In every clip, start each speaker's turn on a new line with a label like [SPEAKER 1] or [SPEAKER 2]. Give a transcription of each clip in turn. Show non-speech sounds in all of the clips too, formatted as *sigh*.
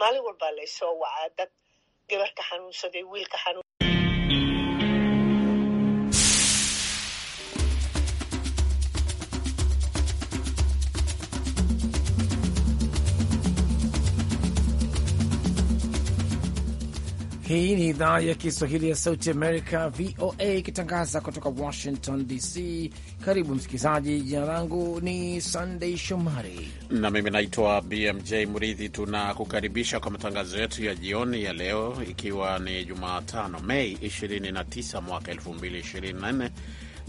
[SPEAKER 1] maalin walbaa laysoo wacaa uh, dad gabarka xanuunsaday wiilka xanuun
[SPEAKER 2] Hii ni idhaa ya Kiswahili ya Sauti Amerika, VOA, ikitangaza kutoka Washington DC. Karibu msikilizaji, jina langu ni Sandei Shomari
[SPEAKER 3] na mimi naitwa BMJ Mridhi. Tunakukaribisha kwa matangazo yetu ya jioni ya leo, ikiwa ni Jumatano Mei 29 mwaka 2024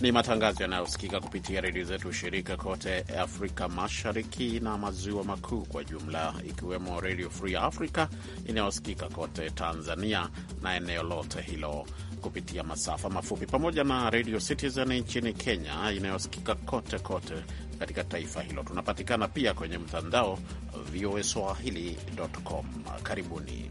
[SPEAKER 3] ni matangazo yanayosikika kupitia redio zetu shirika kote Afrika Mashariki na Maziwa Makuu kwa jumla, ikiwemo Redio Free Africa inayosikika kote Tanzania na eneo lote hilo kupitia masafa mafupi, pamoja na Redio Citizen nchini Kenya inayosikika kote kote katika taifa hilo. Tunapatikana pia kwenye mtandao voaswahili.com. Karibuni.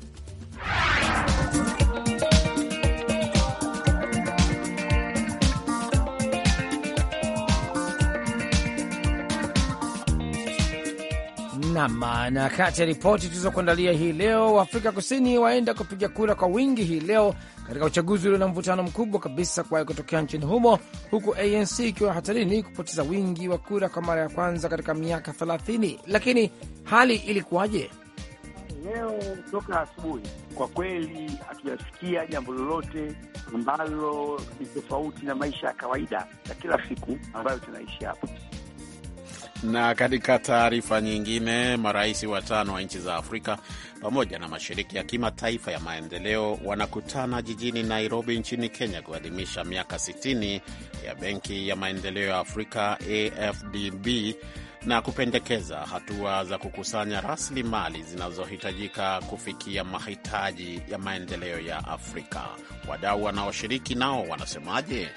[SPEAKER 2] Nam, na kati ya ripoti tulizokuandalia hii leo, Waafrika Kusini waenda kupiga kura kwa wingi hii leo katika uchaguzi ulio na mvutano mkubwa kabisa kuwahi kutokea nchini humo, huku ANC ikiwa hatarini kupoteza wingi wa kura kwa mara ya kwanza katika miaka 30. Lakini hali ilikuwaje leo
[SPEAKER 4] toka asubuhi? Kwa kweli hatujasikia jambo lolote ambalo ni tofauti na maisha ya kawaida ya kila siku ambayo tunaishi hapa.
[SPEAKER 3] Na katika taarifa nyingine, marais watano wa nchi za Afrika pamoja na mashiriki ya kimataifa ya maendeleo wanakutana jijini Nairobi nchini Kenya kuadhimisha miaka 60 ya Benki ya Maendeleo ya Afrika AFDB na kupendekeza hatua za kukusanya rasilimali zinazohitajika kufikia mahitaji ya maendeleo ya Afrika. Wadau wanaoshiriki nao wanasemaje?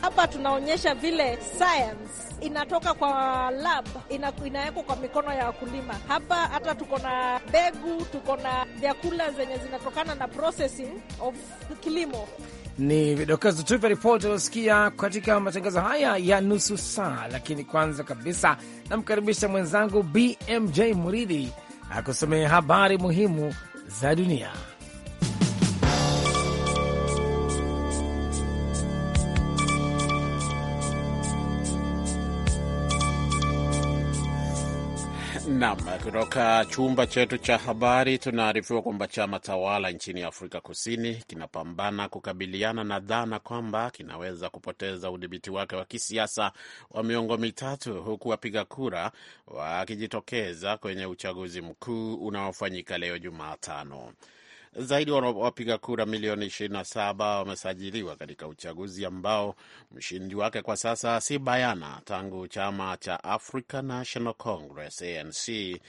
[SPEAKER 5] Hapa tunaonyesha vile science inatoka kwa lab ina, inawekwa kwa mikono ya wakulima. Hapa hata tuko na mbegu, tuko na vyakula zenye zinatokana na processing of kilimo.
[SPEAKER 2] Ni vidokezo tu vya ripoti aliosikia katika matangazo haya ya nusu saa, lakini kwanza kabisa namkaribisha mwenzangu BMJ Muridhi akusomea habari muhimu za dunia.
[SPEAKER 3] Nam, kutoka chumba chetu cha habari tunaarifiwa kwamba chama tawala nchini Afrika Kusini kinapambana kukabiliana na dhana kwamba kinaweza kupoteza udhibiti wake wa kisiasa wa miongo mitatu, huku wapiga kura wakijitokeza kwenye uchaguzi mkuu unaofanyika leo Jumatano. Zaidi wapiga kura milioni 27 wamesajiliwa katika uchaguzi ambao mshindi wake kwa sasa si bayana tangu chama cha African National Congress ANC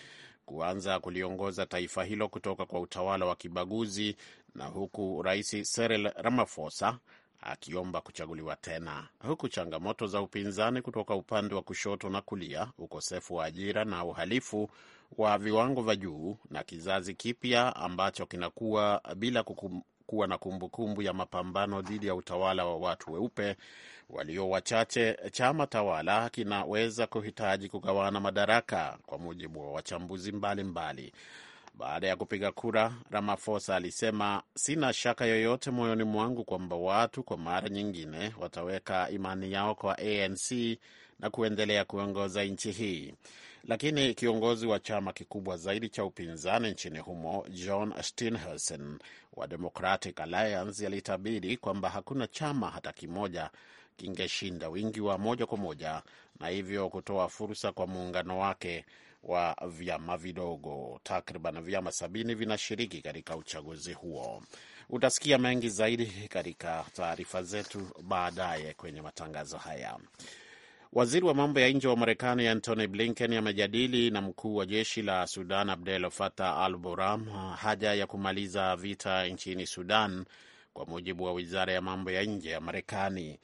[SPEAKER 3] kuanza kuliongoza taifa hilo kutoka kwa utawala wa kibaguzi na huku Rais Cyril Ramaphosa akiomba kuchaguliwa tena, huku changamoto za upinzani kutoka upande wa kushoto na kulia, ukosefu wa ajira na uhalifu wa viwango vya juu na kizazi kipya ambacho kinakuwa bila kukum, kuwa na kumbukumbu ya mapambano dhidi ya utawala wa watu weupe walio wachache, chama tawala kinaweza kuhitaji kugawana madaraka, kwa mujibu wa wachambuzi mbalimbali mbali. Baada ya kupiga kura, Ramaphosa alisema, sina shaka yoyote moyoni mwangu kwamba watu kwa mara nyingine wataweka imani yao kwa ANC na kuendelea kuongoza nchi hii. Lakini kiongozi wa chama kikubwa zaidi cha upinzani nchini humo John Steenhuisen wa Democratic Alliance alitabiri kwamba hakuna chama hata kimoja kingeshinda wingi wa moja kwa moja na hivyo kutoa fursa kwa muungano wake wa vyama vidogo. Takriban vyama sabini vinashiriki katika uchaguzi huo. Utasikia mengi zaidi katika taarifa zetu baadaye kwenye matangazo haya. Waziri wa mambo ya nje wa Marekani Antony Blinken amejadili na mkuu wa jeshi la Sudan Abdel Fattah al Burhan haja ya kumaliza vita nchini Sudan, kwa mujibu wa wizara ya mambo ya nje ya Marekani.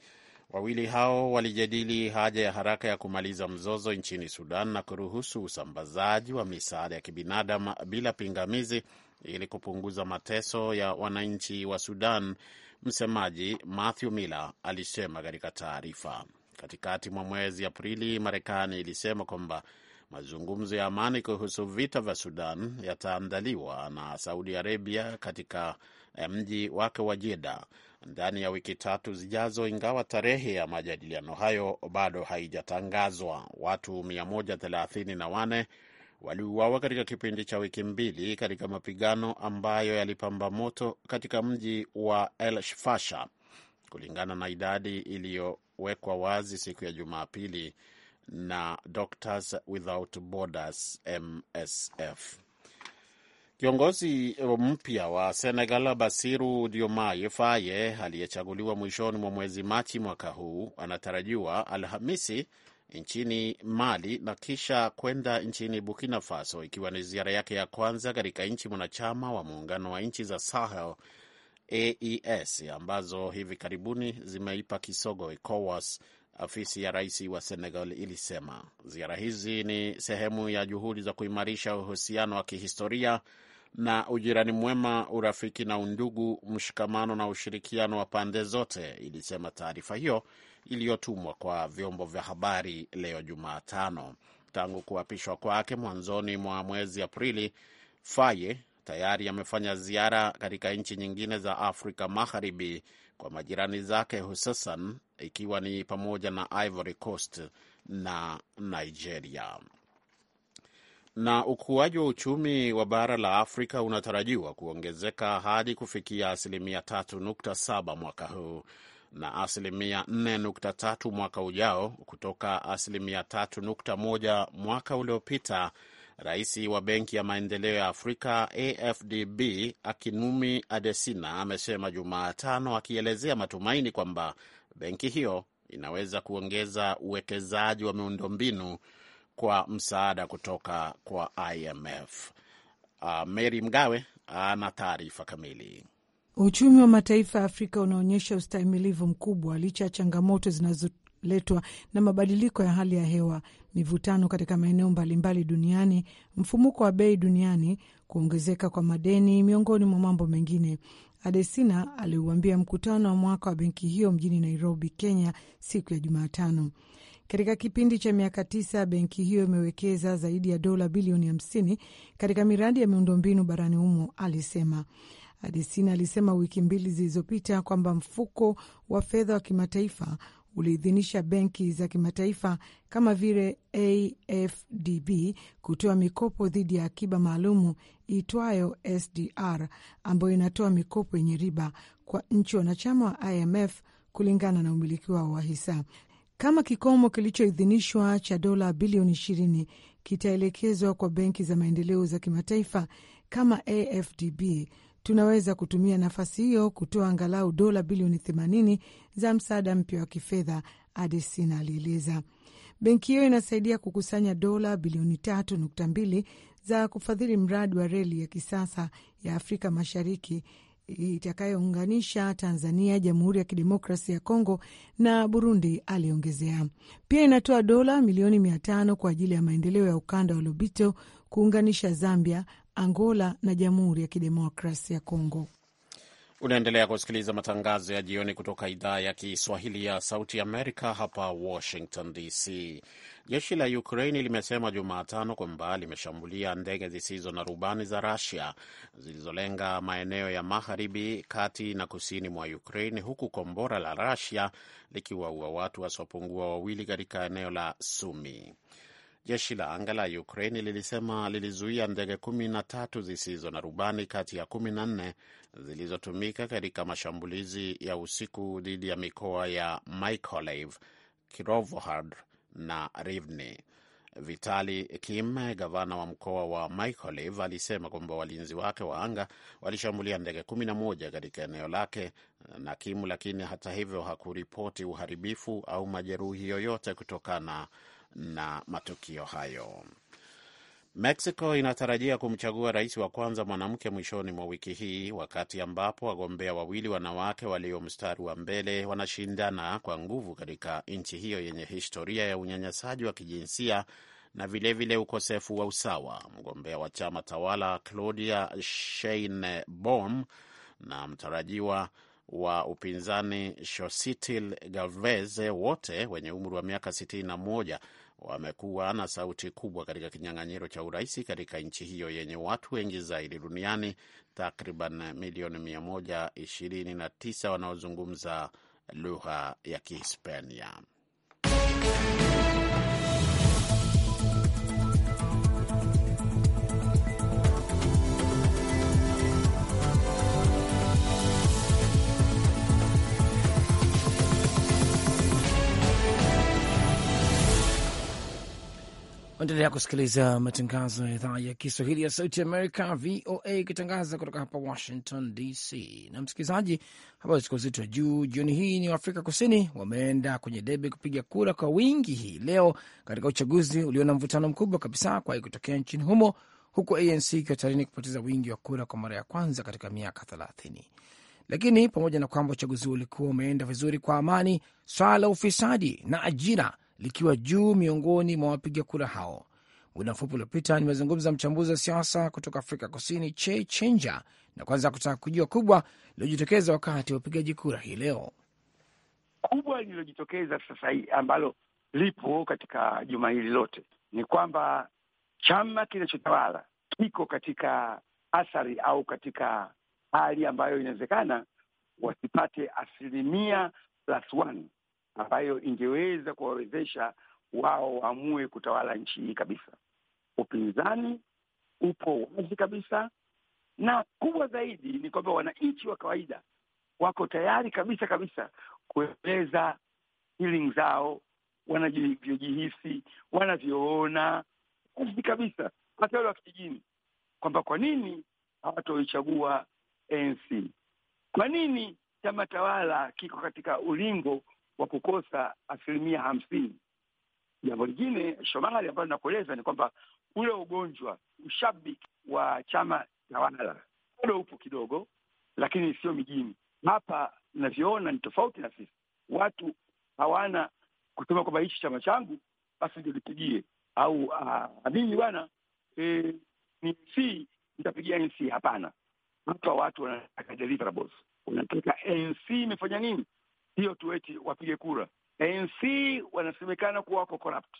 [SPEAKER 3] Wawili hao walijadili haja ya haraka ya kumaliza mzozo nchini Sudan na kuruhusu usambazaji wa misaada ya kibinadamu bila pingamizi ili kupunguza mateso ya wananchi wa Sudan. Msemaji Matthew Miller alisema katika taarifa. Katikati mwa mwezi Aprili, Marekani ilisema kwamba mazungumzo ya amani kuhusu vita vya Sudan yataandaliwa na Saudi Arabia katika Eh, mji wake wa Jeda ndani ya wiki tatu zijazo, ingawa tarehe ya majadiliano hayo bado haijatangazwa. Watu 134 waliuawa katika kipindi cha wiki mbili katika mapigano ambayo yalipamba moto katika mji wa El Fasha, kulingana na idadi iliyowekwa wazi siku ya Jumapili na Doctors Without Borders MSF. Kiongozi eh, mpya wa Senegal Basiru Diomaye Faye aliyechaguliwa mwishoni mwa mwezi Machi mwaka huu anatarajiwa Alhamisi nchini Mali na kisha kwenda nchini Burkina Faso, ikiwa ni ziara yake ya kwanza katika nchi mwanachama wa muungano wa nchi za Sahel AES ambazo hivi karibuni zimeipa kisogo ECOWAS. Afisi ya rais wa Senegal ilisema ziara hizi ni sehemu ya juhudi za kuimarisha uhusiano wa kihistoria na ujirani mwema, urafiki na undugu, mshikamano na ushirikiano wa pande zote, ilisema taarifa hiyo iliyotumwa kwa vyombo vya habari leo Jumatano. Tangu kuapishwa kwake mwanzoni mwa mwezi Aprili, Faye tayari amefanya ziara katika nchi nyingine za Afrika Magharibi kwa majirani zake, hususan ikiwa ni pamoja na Ivory Coast na Nigeria na ukuaji wa uchumi wa bara la Afrika unatarajiwa kuongezeka hadi kufikia asilimia 3.7 mwaka huu na asilimia 4.3 mwaka ujao kutoka asilimia 3.1 mwaka uliopita. Rais wa Benki ya Maendeleo ya Afrika AFDB akinumi Adesina amesema Jumatano, akielezea matumaini kwamba benki hiyo inaweza kuongeza uwekezaji wa miundombinu kwa msaada kutoka kwa IMF. Uh, ah, Mary Mgawe ana taarifa kamili.
[SPEAKER 5] Uchumi wa mataifa ya Afrika unaonyesha ustahimilivu mkubwa licha ya changamoto zinazoletwa na mabadiliko ya hali ya hewa, mivutano katika maeneo mbalimbali duniani, mfumuko wa bei duniani, kuongezeka kwa madeni, miongoni mwa mambo mengine. Adesina aliuambia mkutano wa mwaka wa benki hiyo mjini Nairobi, Kenya, siku ya Jumatano. Katika kipindi cha miaka tisa, benki hiyo imewekeza zaidi ya dola bilioni h0 katika miradi ya miundombinu barani humo, alisema. Adesina alisema wiki mbili zilizopita kwamba mfuko wa fedha wa kimataifa uliidhinisha benki za kimataifa kama vile AFDB kutoa mikopo dhidi ya akiba maalumu itwayo SDR ambayo inatoa mikopo yenye riba kwa nchi wanachama wa IMF kulingana na umiliki wao wa hisa kama kikomo kilichoidhinishwa cha dola bilioni 20 kitaelekezwa kwa benki za maendeleo za kimataifa kama AfDB, tunaweza kutumia nafasi hiyo kutoa angalau dola bilioni 80 za msaada mpya wa kifedha, Adesina alieleza. Benki hiyo inasaidia kukusanya dola bilioni 3.2 za kufadhili mradi wa reli ya kisasa ya Afrika Mashariki itakayounganisha Tanzania, Jamhuri ya Kidemokrasi ya Kongo na Burundi, aliongezea. Pia inatoa dola milioni mia tano kwa ajili ya maendeleo ya ukanda wa Lobito kuunganisha Zambia, Angola na Jamhuri ya Kidemokrasi ya Kongo.
[SPEAKER 3] Unaendelea kusikiliza matangazo ya jioni kutoka idhaa ya Kiswahili ya Sauti Amerika hapa Washington DC. Jeshi la Ukraini limesema Jumatano kwamba limeshambulia ndege zisizo na rubani za Rusia zilizolenga maeneo ya magharibi, kati na kusini mwa Ukraini, huku kombora la Rusia likiwaua watu wasiopungua wawili katika eneo la Sumi. Jeshi la anga la Ukraini lilisema lilizuia ndege kumi na tatu zisizo na rubani kati ya kumi na nne zilizotumika katika mashambulizi ya usiku dhidi ya mikoa ya Mykolaiv, Kirovohrad na Rivne. Vitali Kim, gavana wa mkoa wa Mykolaiv, alisema kwamba walinzi wake wa anga walishambulia ndege kumi na moja katika eneo lake na Kim, lakini hata hivyo hakuripoti uharibifu au majeruhi yoyote kutokana na matukio hayo. Mexico inatarajia kumchagua rais wa kwanza mwanamke mwishoni mwa wiki hii, wakati ambapo wagombea wawili wanawake walio mstari wa mbele wanashindana kwa nguvu katika nchi hiyo yenye historia ya unyanyasaji wa kijinsia na vilevile vile ukosefu wa usawa. Mgombea wa chama tawala Claudia Sheinbaum na mtarajiwa wa upinzani Shositil Gavez, wote wenye umri wa miaka 61 wamekuwa na sauti kubwa katika kinyang'anyiro cha urais katika nchi hiyo yenye watu wengi zaidi duniani, takriban milioni 129 wanaozungumza lugha ya Kihispania.
[SPEAKER 2] Endelea kusikiliza matangazo ya idhaa ya Kiswahili ya Sauti Amerika, VOA, ikitangaza kutoka hapa Washington DC. Na msikilizaji, habari ziko uzito wa juu jioni hii ni Waafrika Kusini wameenda kwenye debe kupiga kura kwa wingi hii leo katika uchaguzi ulio na mvutano mkubwa kabisa kwa kutokea nchini humo, huku ANC ikiwa tarini kupoteza wingi wa kura kwa mara ya kwanza katika miaka thelathini. Lakini pamoja na kwamba uchaguzi huo ulikuwa umeenda vizuri kwa amani, swala la ufisadi na ajira likiwa juu miongoni mwa wapiga kura hao. Muda mfupi uliopita nimezungumza mchambuzi wa siasa kutoka Afrika Kusini, Che Chenja, na kwanza kutaka kujua kubwa lililojitokeza wakati wa upigaji kura hii leo.
[SPEAKER 4] Kubwa lililojitokeza sasa hii ambalo lipo katika juma hili lote ni kwamba chama kinachotawala kiko katika athari au katika hali ambayo inawezekana wasipate asilimia plus one ambayo ingeweza kuwawezesha wao waamue kutawala nchi hii kabisa. Upinzani upo wazi kabisa, na kubwa zaidi ni kwamba wananchi wa kawaida wako tayari kabisa kabisa kueleza feelings zao, wanavyojihisi, wanavyoona wazi kabisa, hata wale wa kijijini, kwamba kwa nini hawatoichagua ANC, kwa nini chama tawala kiko katika ulingo wa kukosa asilimia hamsini. Jambo lingine Shomali, ambayo inakueleza ni kwamba ule ugonjwa ushabiki wa chama tawala bado upo kidogo, lakini sio mijini. Hapa navyoona ni tofauti na sisi, watu hawana kusema kwamba hichi chama changu basi ndio nipigie au uh, mimi bwana e, ni NC nitapigia NC. Hapana, hapa watu wanataka deliverables, wanataka imefanya nini hiyo tu eti wapige kura. ANC wanasemekana kuwa wako corrupt,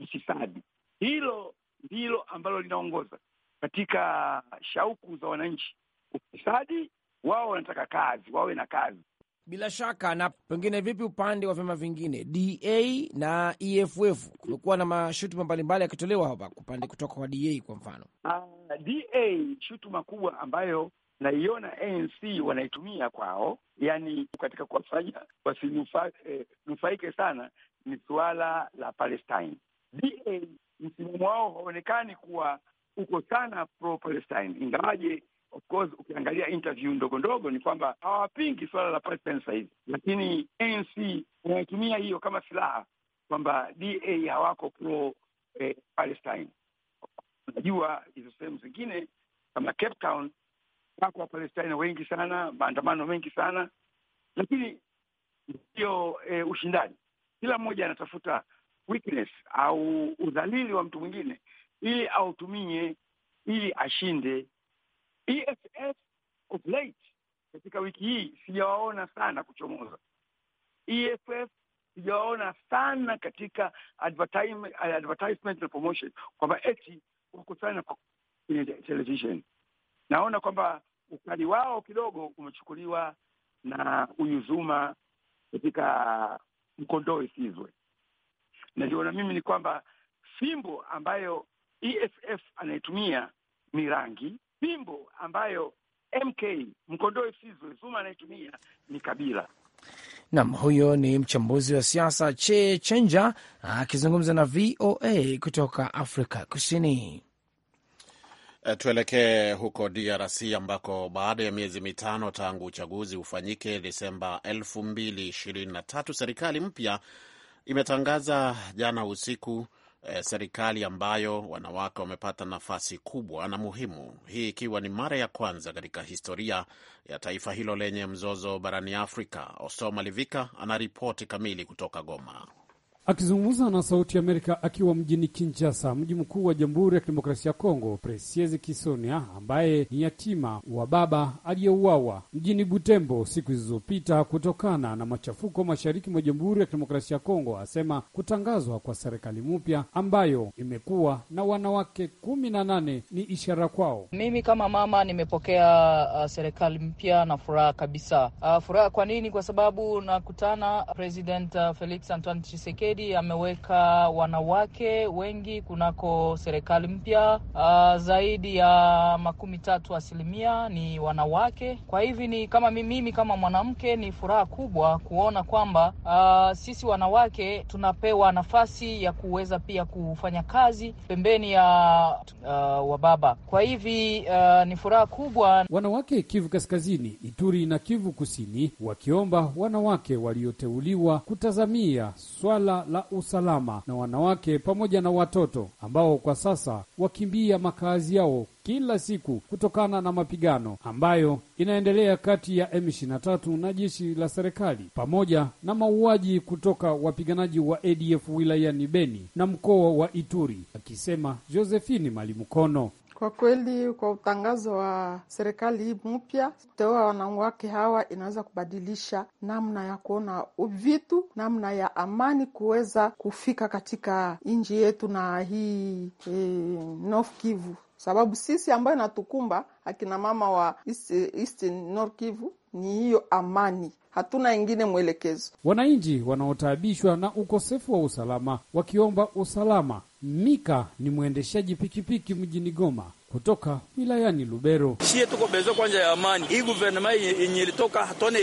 [SPEAKER 4] ufisadi. Hilo ndilo ambalo linaongoza katika shauku za wananchi, ufisadi. Wao wanataka kazi, wawe na kazi
[SPEAKER 2] bila shaka. Na pengine vipi upande wa vyama vingine DA na EFF? Kumekuwa na mashutuma mbalimbali yakitolewa hapa upande kutoka kwa DA kwa mfano.
[SPEAKER 4] Uh, ah, DA shutuma kubwa ambayo naiona ANC wanaitumia kwao, yani katika kuwafanya wasinufaike eh, sana, ni suala la Palestine. DA msimamo wao haonekani kuwa uko sana pro Palestine, ingawaje of course ukiangalia interview ndogo ndogo ni kwamba hawapingi suala la Palestine sahizi, lakini ANC wanaitumia hiyo kama silaha kwamba DA hawako pro eh, Palestine. Unajua hizo sehemu zingine kama Cape Town wako Wapalestina wengi sana, maandamano mengi sana, lakini ndio e, ushindani. Kila mmoja anatafuta weakness au udhalili wa mtu mwingine ili autumie ili ashinde. EFF of late, katika wiki hii sijawaona sana kuchomoza. EFF sijawaona sana katika advertisement, advertisement na promotion kwamba eti sana kwenye television. Naona kwamba ukali wao kidogo umechukuliwa na huyu Zuma katika mkondoo isizwe. Naliona mimi ni kwamba fimbo ambayo EFF anaitumia ni rangi, fimbo ambayo MK mkondoo isizwe Zuma anaitumia ni kabila.
[SPEAKER 2] Nam, huyo ni mchambuzi wa siasa Che Chenja akizungumza na VOA kutoka Afrika Kusini.
[SPEAKER 3] Eh, tuelekee huko DRC ambako baada ya miezi mitano tangu uchaguzi ufanyike Desemba 2023 serikali mpya imetangaza jana usiku eh, serikali ambayo wanawake wamepata nafasi kubwa na muhimu, hii ikiwa ni mara ya kwanza katika historia ya taifa hilo lenye mzozo barani Afrika. Osoma Livika anaripoti kamili kutoka Goma.
[SPEAKER 6] Akizungumza na Sauti ya Amerika akiwa mjini Kinshasa, mji mkuu wa Jamhuri ya Kidemokrasia ya Kongo, presiezi Kisonia ambaye ni yatima wa baba aliyeuawa mjini Butembo siku zilizopita kutokana na machafuko mashariki mwa Jamhuri ya Kidemokrasia ya Kongo, asema kutangazwa kwa serikali mpya ambayo imekuwa na wanawake kumi na nane ni ishara kwao.
[SPEAKER 7] Mimi kama mama nimepokea uh, serikali mpya na furaha kabisa. Uh, furaha kwa nini? Kwa sababu nakutana President uh, Felix Antoine Tshisekedi zaidi ameweka wanawake wengi kunako serikali mpya. Uh, zaidi ya makumi tatu asilimia ni wanawake. Kwa hivi ni kama mimi kama mwanamke ni furaha kubwa kuona kwamba uh, sisi wanawake tunapewa nafasi ya kuweza pia kufanya kazi
[SPEAKER 6] pembeni ya uh, ah, wababa. Kwa hivi uh, ni furaha kubwa. Wanawake Kivu Kaskazini, Ituri na Kivu Kusini wakiomba wanawake walioteuliwa kutazamia swala la usalama na wanawake pamoja na watoto ambao kwa sasa wakimbia makazi yao kila siku kutokana na mapigano ambayo inaendelea kati ya M23 na jeshi la serikali pamoja na mauaji kutoka wapiganaji wa ADF wilayani Beni na mkoa wa Ituri, akisema Josephine Malimukono.
[SPEAKER 5] Kwa kweli, kwa utangazo wa serikali hii mpya toa wanawake hawa inaweza kubadilisha namna ya kuona vitu, namna ya amani kuweza kufika katika nchi yetu na hii e, North Kivu, sababu sisi ambayo inatukumba akina mama wa East, East North Kivu ni hiyo amani, hatuna ingine mwelekezo.
[SPEAKER 6] Wananchi wanaotaabishwa na ukosefu wa usalama wakiomba usalama Mika ni mwendeshaji pikipiki mjini Goma kutoka wilayani Lubero. Sie tuko
[SPEAKER 4] bezo kwanja ya amani hii guvernema yenye ilitoka hatone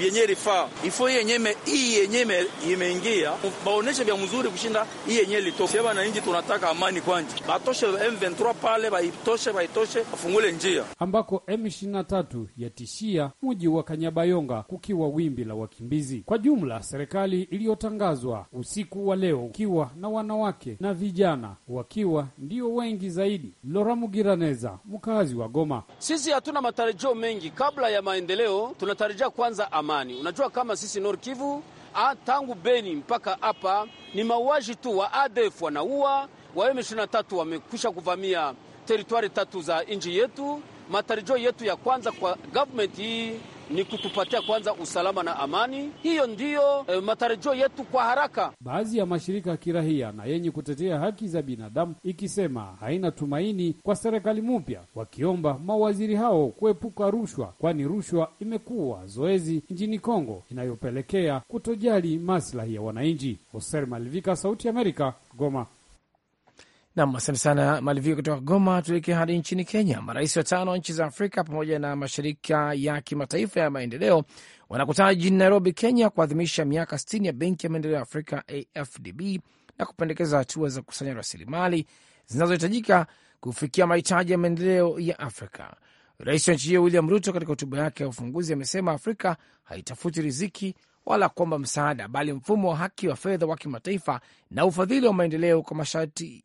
[SPEAKER 4] yenye rifaa ifo yenye hii yenye imeingia baoneshe vya mzuri kushinda hii yenye ilitoka. Sie wananchi tunataka amani kwanja, batoshe M23 pale baitoshe, baitoshe bafungule njia
[SPEAKER 6] ambako M23 yatishia mji wa Kanyabayonga kukiwa wimbi la wakimbizi. Kwa jumla serikali iliyotangazwa usiku wa leo ukiwa na wanawake na vijana vijana wakiwa ndio wengi zaidi. Lora Mugiraneza, mkazi wa Goma: sisi hatuna matarajio mengi kabla ya maendeleo, tunatarajia kwanza amani. Unajua kama sisi Nord Kivu tangu Beni mpaka hapa ni mauaji tu, wa ADF wanaua, wa M23 wamekwisha kuvamia teritwari tatu za nchi yetu. Matarajio yetu ya kwanza kwa government hii ni kutupatia kwanza usalama na amani. Hiyo ndiyo e, matarajio yetu kwa haraka. Baadhi ya mashirika ya kirahia na yenye kutetea haki za binadamu ikisema haina tumaini kwa serikali mpya, wakiomba mawaziri hao kuepuka rushwa, kwani rushwa imekuwa zoezi nchini Kongo inayopelekea kutojali maslahi ya wananchi. Hoser Malivika, Sauti ya Amerika, Goma.
[SPEAKER 2] Nam, asante sana Malivio kutoka Goma. Tuelekee hadi nchini Kenya. Marais watano wa nchi za Afrika pamoja na mashirika ya kimataifa ya maendeleo wanakutana jijini Nairobi, Kenya, kuadhimisha miaka 60 ya Benki ya Maendeleo ya Afrika, AFDB, na kupendekeza hatua za kukusanya rasilimali zinazohitajika kufikia mahitaji ya maendeleo ya Afrika. Rais wa nchi hiyo William Ruto, katika hotuba yake ya ufunguzi, amesema Afrika haitafuti riziki wala kuomba msaada, bali mfumo wa haki wa fedha wa kimataifa na ufadhili wa maendeleo kwa masharti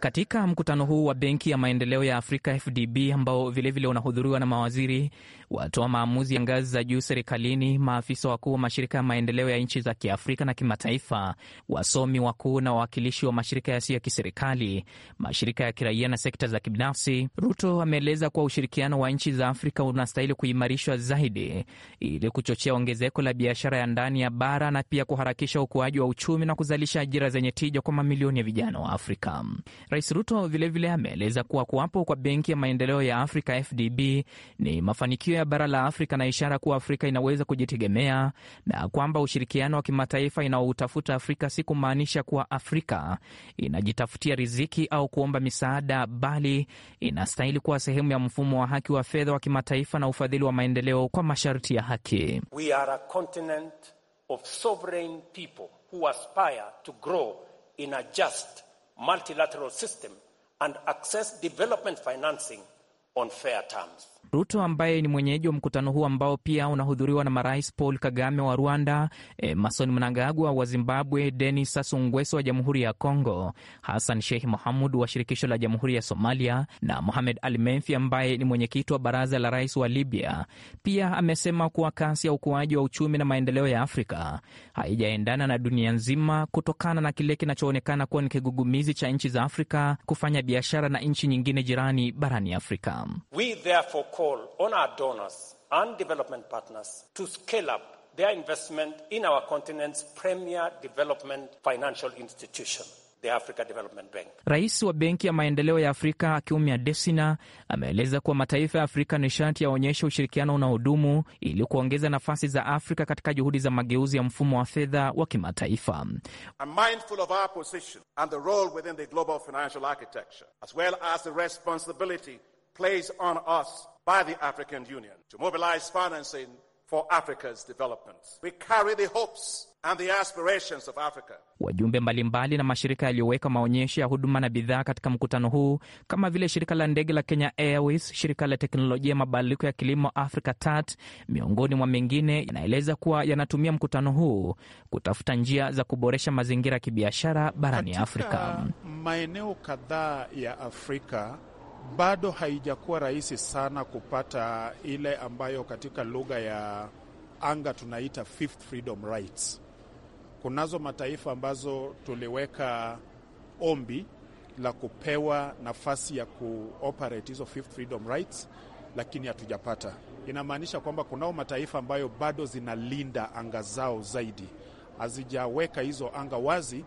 [SPEAKER 7] Katika mkutano huu wa Benki ya Maendeleo ya Afrika FDB, ambao vilevile unahudhuriwa na mawaziri, watoa maamuzi ya ngazi za juu serikalini, maafisa wakuu wa mashirika ya maendeleo ya nchi za Kiafrika na kimataifa, wasomi wakuu na wawakilishi wa mashirika yasiyo ya kiserikali, mashirika ya kiraia na sekta za kibinafsi, Ruto ameeleza kuwa ushirikiano wa nchi za Afrika unastahili kuimarishwa zaidi ili kuchochea ongezeko la biashara ya ndani ya bara na pia kuharakisha ukuaji wa uchumi na kuzalisha ajira zenye tija kwa mamilioni ya vijana wa Afrika. Afrika. Rais Ruto vilevile ameeleza kuwa kuwapo kwa Benki ya Maendeleo ya Afrika FDB ni mafanikio ya bara la Afrika na ishara kuwa Afrika inaweza kujitegemea na kwamba ushirikiano wa kimataifa inaoutafuta Afrika si kumaanisha kuwa Afrika inajitafutia riziki au kuomba misaada, bali inastahili kuwa sehemu ya mfumo wa haki wa fedha wa kimataifa na ufadhili wa maendeleo kwa masharti ya haki.
[SPEAKER 4] We are a continent
[SPEAKER 2] of sovereign people who aspire to grow in a just multilateral system and access development financing on fair terms.
[SPEAKER 7] Ruto ambaye ni mwenyeji wa mkutano huu ambao pia unahudhuriwa na marais Paul Kagame wa Rwanda, Emerson eh, Mnangagwa wa Zimbabwe, Denis Sassou Nguesso wa Jamhuri ya Kongo, Hassan Sheikh Mohamud wa Shirikisho la Jamhuri ya Somalia na Mohamed Al Menfi ambaye ni mwenyekiti wa baraza la rais wa Libya, pia amesema kuwa kasi ya ukuaji wa uchumi na maendeleo ya Afrika haijaendana na dunia nzima kutokana na kile kinachoonekana kuwa ni kigugumizi cha nchi za Afrika kufanya biashara na nchi nyingine jirani barani Afrika.
[SPEAKER 6] We
[SPEAKER 2] call on our donors and development partners to scale up their investment in our continent's premier development financial institution. The Africa Development Bank.
[SPEAKER 7] Rais wa Benki ya Maendeleo ya Afrika Kiumia Desina ameeleza kuwa mataifa ya Afrika nishati yaonyesha ushirikiano unaodumu ili kuongeza nafasi za Afrika katika juhudi za mageuzi ya mfumo wa fedha wa kimataifa
[SPEAKER 3] plays on us by the African Union to mobilize financing for Africa's development. We carry the hopes and the aspirations of Africa.
[SPEAKER 7] Wajumbe mbalimbali na mashirika yaliyoweka maonyesho ya huduma na bidhaa katika mkutano huu kama vile shirika la ndege la Kenya Airways, shirika la teknolojia mabadiliko ya kilimo Africa TAT, miongoni mwa mengine, yanaeleza kuwa yanatumia mkutano huu kutafuta njia za kuboresha mazingira ya kibiashara barani Afrika.
[SPEAKER 3] Maeneo kadhaa ya Afrika bado haijakuwa rahisi sana kupata ile ambayo katika lugha ya anga tunaita fifth freedom rights. Kunazo mataifa ambazo tuliweka ombi la kupewa nafasi ya kuoperate hizo fifth freedom rights, lakini hatujapata. Inamaanisha kwamba kunao mataifa ambayo bado zinalinda anga zao zaidi, hazijaweka hizo anga wazi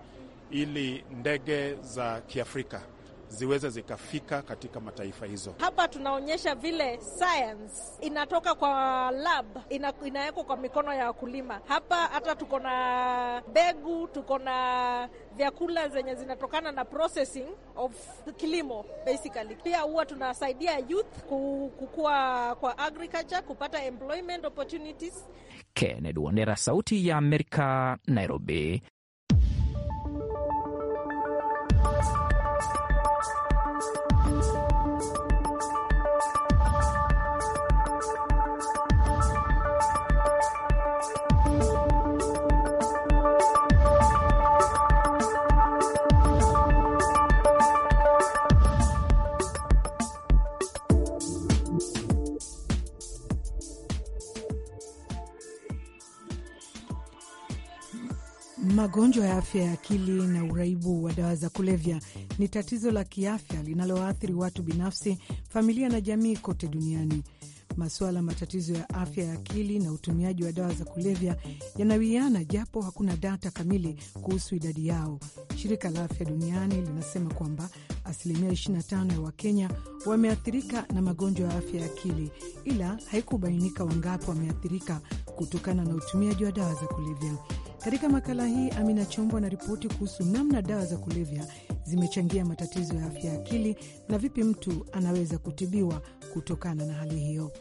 [SPEAKER 3] ili ndege za Kiafrika ziweze zikafika katika mataifa hizo.
[SPEAKER 5] Hapa tunaonyesha vile science inatoka kwa lab ina, inawekwa kwa mikono ya wakulima. Hapa hata tuko na mbegu, tuko na vyakula zenye zinatokana na processing of kilimo basically. Pia huwa tunasaidia youth kukua kwa agriculture, kupata employment opportunities.
[SPEAKER 7] Kennedy Wandera, Sauti ya Amerika, Nairobi.
[SPEAKER 5] Magonjwa ya afya ya akili na uraibu wa dawa za kulevya ni tatizo la kiafya linaloathiri watu binafsi, familia na jamii kote duniani. Masuala matatizo ya afya ya akili na utumiaji wa dawa za kulevya yanawiana, japo hakuna data kamili kuhusu idadi yao. Shirika la Afya Duniani linasema kwamba asilimia 25 ya Wakenya wameathirika na magonjwa ya afya ya akili, ila haikubainika wangapi wameathirika kutokana na utumiaji wa dawa za kulevya. Katika makala hii, Amina Chombo anaripoti kuhusu namna dawa za kulevya zimechangia matatizo ya afya ya akili na vipi mtu anaweza kutibiwa kutokana na hali hiyo.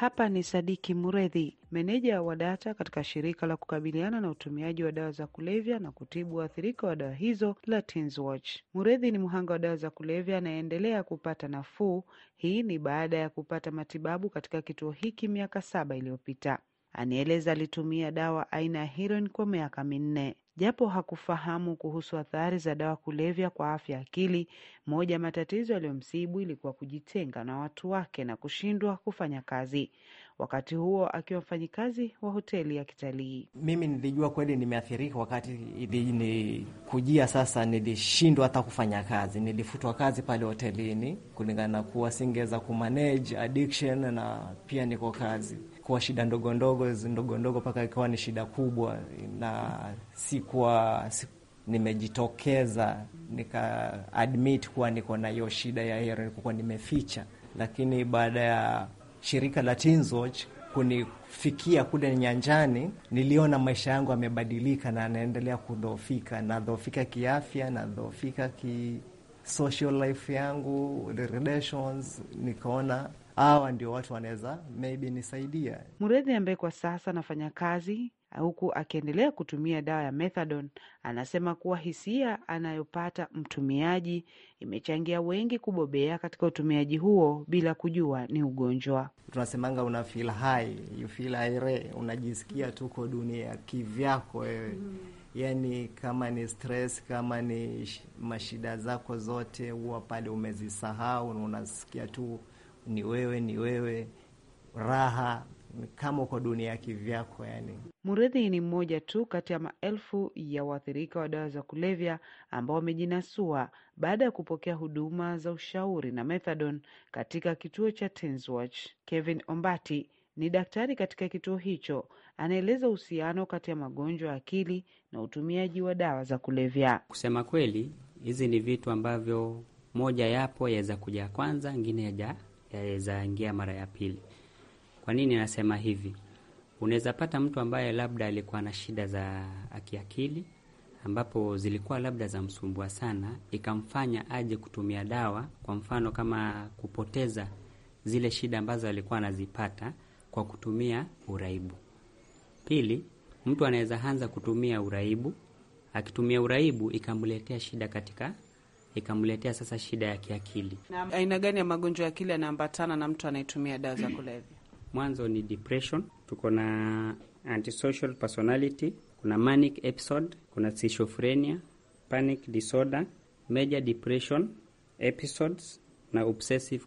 [SPEAKER 8] Hapa ni Sadiki Muredhi, meneja wa data katika shirika la kukabiliana na utumiaji wa dawa za kulevya na kutibu waathirika wa dawa hizo la Teens Watch. Muredhi ni mhanga wa dawa za kulevya anayeendelea kupata nafuu. Hii ni baada ya kupata matibabu katika kituo hiki miaka saba iliyopita. Anieleza alitumia dawa aina ya heroin kwa miaka minne. Japo hakufahamu kuhusu athari za dawa kulevya kwa afya ya akili, moja ya matatizo yaliyomsibu ilikuwa kujitenga na watu wake na kushindwa kufanya kazi. Wakati huo akiwa mfanyikazi wa hoteli ya kitalii. Mimi nilijua kweli nimeathirika wakati nilikujia
[SPEAKER 1] sasa, nilishindwa hata kufanya kazi, nilifutwa kazi pale hotelini kulingana na kuwa singeweza kumanage addiction na pia niko kazi kuwa shida ndogo ndogo ndogo ndogo mpaka ikawa ni shida kubwa, na sikuwa si, nimejitokeza nika admit kuwa niko na hiyo shida ya hero, kuwa nimeficha. Lakini baada ya shirika la Teens Watch kunifikia kule nyanjani, niliona maisha yangu yamebadilika na anaendelea kudhoofika, nadhoofika kiafya, nadhoofika ki social life yangu relations, nikaona
[SPEAKER 8] hawa ndio watu wanaweza maybe nisaidia. mrethi ambaye kwa sasa anafanya kazi huku akiendelea kutumia dawa ya methadone, anasema kuwa hisia anayopata mtumiaji imechangia wengi kubobea katika utumiaji huo bila kujua ni ugonjwa. Tunasemanga una feel high, you feel aire, unajisikia tuko dunia
[SPEAKER 1] kivyako wewe mm-hmm. Yani, kama ni stress, kama ni mashida zako zote huwa pale umezisahau, unasikia tu ni wewe, ni wewe, raha kama uko dunia ya kivyako yani.
[SPEAKER 8] Muridhi ni mmoja tu kati ya maelfu ya waathirika wa dawa za kulevya ambao wamejinasua baada ya kupokea huduma za ushauri na methadone katika kituo cha Tenswatch. Kevin Ombati ni daktari katika kituo hicho, anaeleza uhusiano kati ya magonjwa ya akili na utumiaji wa dawa za kulevya.
[SPEAKER 9] Kusema kweli, hizi ni vitu ambavyo moja yapo yaweza kuja kwanza, ngine yaja yaweza ingia mara ya pili. Kwa nini nasema hivi? Unaweza pata mtu ambaye labda alikuwa na shida za akiakili ambapo zilikuwa labda za msumbua sana, ikamfanya aje kutumia dawa, kwa mfano kama kupoteza zile shida ambazo alikuwa anazipata kwa kutumia uraibu. Pili, mtu anaweza anza kutumia uraibu, akitumia uraibu ikamletea shida katika ikamletea sasa shida ya kiakili.
[SPEAKER 8] aina gani ya magonjwa ya akili yanaambatana na mtu anayetumia dawa za kulevya?
[SPEAKER 9] *clears throat* Mwanzo ni depression, tuko na antisocial personality, kuna manic episode, kuna schizophrenia, panic disorder, major depression episodes na obsessive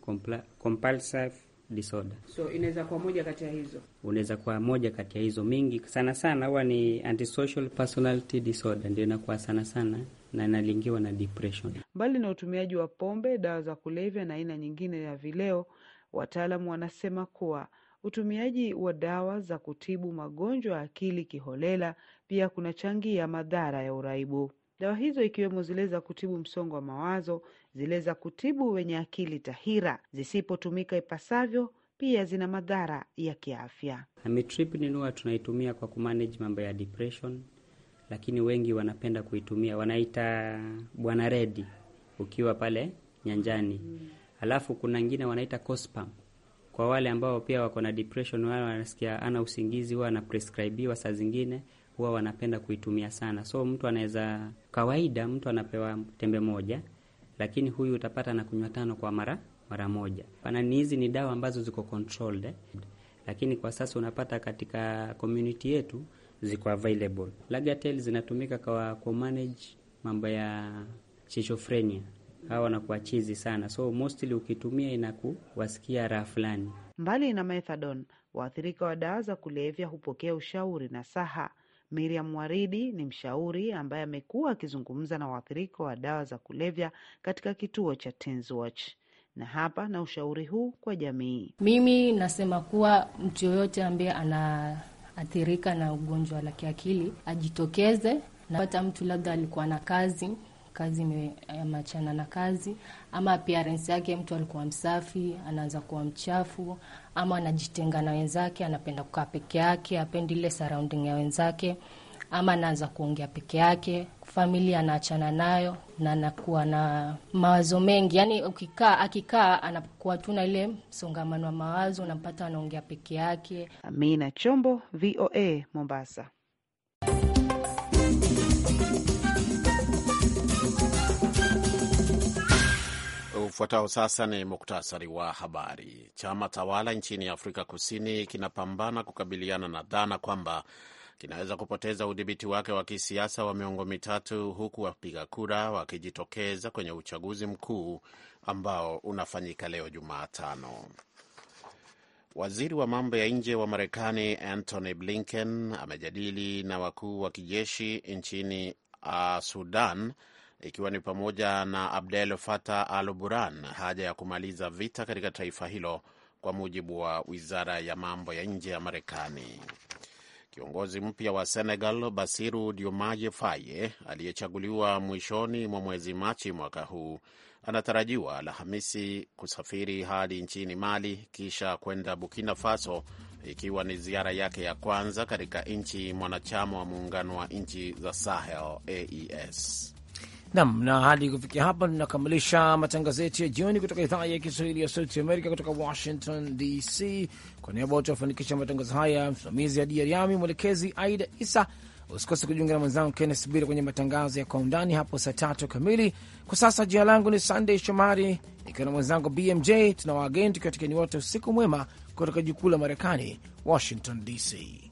[SPEAKER 9] compulsive disorder.
[SPEAKER 8] So inaweza kuwa moja kati ya hizo,
[SPEAKER 9] unaweza kuwa moja kati ya hizo mingi. Sana sana huwa ni antisocial personality disorder ndio inakuwa sana sana na inalingiwa na depression.
[SPEAKER 8] Mbali na utumiaji wa pombe, dawa za kulevya na aina nyingine ya vileo, wataalamu wanasema kuwa utumiaji wa dawa za kutibu magonjwa ya akili kiholela pia kunachangia madhara ya uraibu. Dawa hizo ikiwemo zile za kutibu msongo wa mawazo, zile za kutibu wenye akili tahira, zisipotumika ipasavyo pia zina madhara ya kiafya.
[SPEAKER 9] Amitriptyline huwa tunaitumia kwa kumanage mambo ya depression, lakini wengi wanapenda kuitumia, wanaita bwana redi ukiwa pale nyanjani. Mm. Alafu kuna ngine wanaita cospam kwa wale ambao pia wako na depression, wale wanasikia ana usingizi, huwa anaprescribiwa saa zingine huwa wanapenda kuitumia sana. So mtu anaweza kawaida, mtu anapewa tembe moja, lakini huyu utapata na kunywa tano kwa mara mara moja. Panani hizi ni dawa ambazo ziko controlled eh? Lakini kwa sasa unapata katika community yetu ziko available. Lagatel zinatumika kwa ku manage mambo ya schizophrenia. Hawa wanakuwa chizi sana, so mostly ukitumia inakuwasikia raha fulani.
[SPEAKER 8] Mbali na methadone, waathirika wa dawa za kulevya hupokea ushauri na saha Miriam Waridi ni mshauri ambaye amekuwa akizungumza na waathirika wa dawa za kulevya katika kituo cha Teens Watch na hapa na ushauri huu kwa jamii.
[SPEAKER 1] Mimi nasema kuwa mtu yoyote ambaye anaathirika na ugonjwa la kiakili ajitokeze, napata mtu labda alikuwa na kazi kazi imeachana eh, na kazi, ama appearance yake, mtu alikuwa msafi anaanza kuwa mchafu, ama anajitenga na wenzake, anapenda kukaa peke yake, apendi ile surrounding ya wenzake, ama anaanza kuongea peke yake, familia anaachana nayo na anakuwa na mawazo mengi. Yani ukikaa, akikaa anakuwa tu na ile msongamano wa mawazo, unampata anaongea peke yake.
[SPEAKER 8] Amina Chombo, VOA Mombasa.
[SPEAKER 3] Ufuatao sasa ni muktasari wa habari. Chama tawala nchini Afrika Kusini kinapambana kukabiliana na dhana kwamba kinaweza kupoteza udhibiti wake wa kisiasa wa miongo mitatu, huku wapiga kura wakijitokeza kwenye uchaguzi mkuu ambao unafanyika leo Jumatano. Waziri wa mambo ya nje wa Marekani Antony Blinken amejadili na wakuu wa kijeshi nchini uh, Sudan ikiwa ni pamoja na Abdel Fattah al-Burhan, haja ya kumaliza vita katika taifa hilo, kwa mujibu wa wizara ya mambo ya nje ya Marekani. Kiongozi mpya wa Senegal Basiru Diomaye Faye aliyechaguliwa mwishoni mwa mwezi Machi mwaka huu anatarajiwa Alhamisi kusafiri hadi nchini Mali kisha kwenda Burkina Faso, ikiwa ni ziara yake ya kwanza katika nchi mwanachama wa muungano wa nchi za Sahel, AES.
[SPEAKER 2] Nam na hadi kufikia hapa tunakamilisha matangazo yetu ya jioni kutoka idhaa ya Kiswahili ya Sauti Amerika kutoka Washington DC. Kwa niaba wote wafanikisha matangazo haya, msimamizi Adi Ariami, mwelekezi Aida Isa. Usikose kujiunga na mwenzangu Kennes Bwire kwenye matangazo ya Kwa Undani hapo saa tatu kamili. Kwa sasa jina langu ni Sandey Shomari ikiwa na mwenzangu BMJ, tuna wageni tukiwatikeni wote usiku mwema kutoka jukuu la Marekani, Washington DC.